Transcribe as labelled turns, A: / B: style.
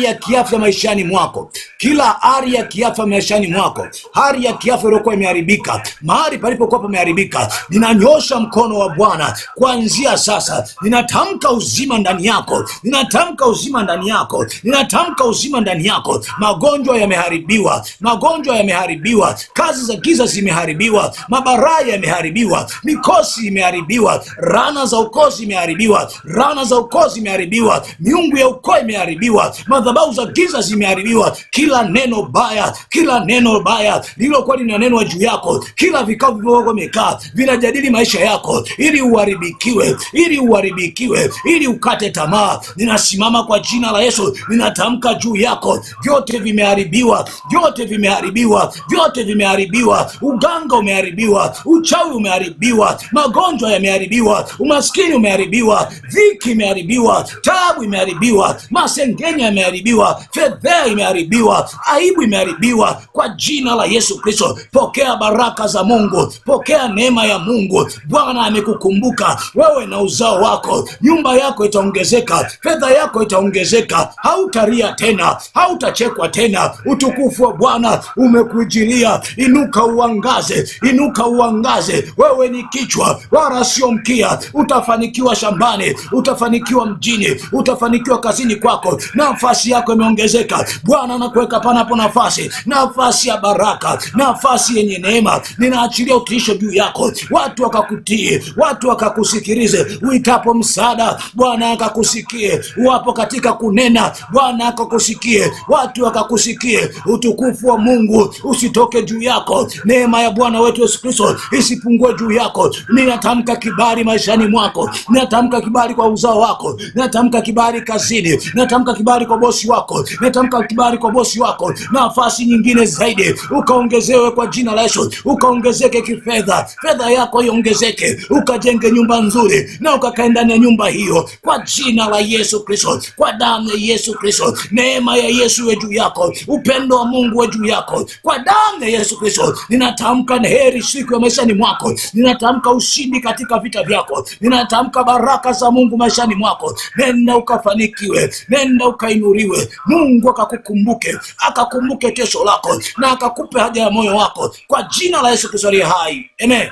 A: hali ya kiafya maishani mwako, kila hali ya kiafya maishani mwako, hali ya kiafya iliyokuwa imeharibika, mahali palipokuwa pameharibika, ninanyosha mkono wa Bwana kuanzia sasa. Ninatamka uzima ndani yako, ninatamka uzima ndani yako, ninatamka uzima ndani yako. Magonjwa yameharibiwa, magonjwa yameharibiwa, kazi za giza zimeharibiwa, mabarai yameharibiwa, mikosi imeharibiwa, rana za ukoo zimeharibiwa, rana za ukoo zimeharibiwa, miungu ya ukoo imeharibiwa, madha madhabahu za giza zimeharibiwa. Kila neno baya, kila neno baya lililokuwa linanenwa juu yako, kila vikao vilivyokuwa vimekaa vinajadili maisha yako ili uharibikiwe, ili uharibikiwe, ili ukate tamaa, ninasimama kwa jina la Yesu, ninatamka juu yako, vyote vimeharibiwa, vyote vimeharibiwa, vyote vimeharibiwa. Uganga umeharibiwa, uchawi umeharibiwa, magonjwa yameharibiwa, umaskini umeharibiwa, dhiki imeharibiwa, taabu imeharibiwa, masengenyo yameharibiwa imeharibiwa, fedhea imeharibiwa, aibu imeharibiwa. Kwa jina la Yesu Kristo, pokea baraka za Mungu, pokea neema ya Mungu. Bwana amekukumbuka wewe na uzao wako, nyumba yako itaongezeka, fedha yako itaongezeka, hautaria tena, hautachekwa tena. Utukufu wa Bwana umekuijilia. Inuka uangaze, inuka uangaze. Wewe ni kichwa wala sio mkia. Utafanikiwa shambani, utafanikiwa mjini, utafanikiwa kazini kwako nafasi nafasi yako imeongezeka. Bwana anakuweka panapo nafasi, nafasi ya baraka, nafasi yenye neema. Ninaachilia utiisho juu yako, watu wakakutii, watu wakakusikilize. Uitapo msaada, Bwana akakusikie. Uwapo katika kunena, Bwana akakusikie, watu wakakusikie. Utukufu wa Mungu usitoke juu yako, neema ya Bwana wetu Yesu Kristo isipungue juu yako. Ninatamka kibali maishani mwako, ninatamka kibali kwa uzao wako, ninatamka kibali kazini, ninatamka kibali kwa bosi wako, natamka kibali kwa bosi wako, nafasi nyingine zaidi ukaongezewe kwa jina la Yesu, ukaongezeke kifedha, fedha yako iongezeke, ukajenge nyumba nzuri na ukakae ndani ya nyumba hiyo, kwa jina la Yesu Kristo, kwa damu ya Yesu Kristo, neema ya Yesu we juu yako, upendo wa Mungu we juu yako, kwa damu ya Yesu Kristo. Ninatamka heri siku ya maishani mwako, ninatamka ushindi katika vita vyako, ninatamka baraka za Mungu maishani mwako. Nenda ukafanikiwe, nenda ukainuri usijeruhiwe. Mungu akakukumbuke, akakumbuke kesho lako na akakupe haja ya moyo wako, kwa jina la Yesu Kristo aliye hai, amen.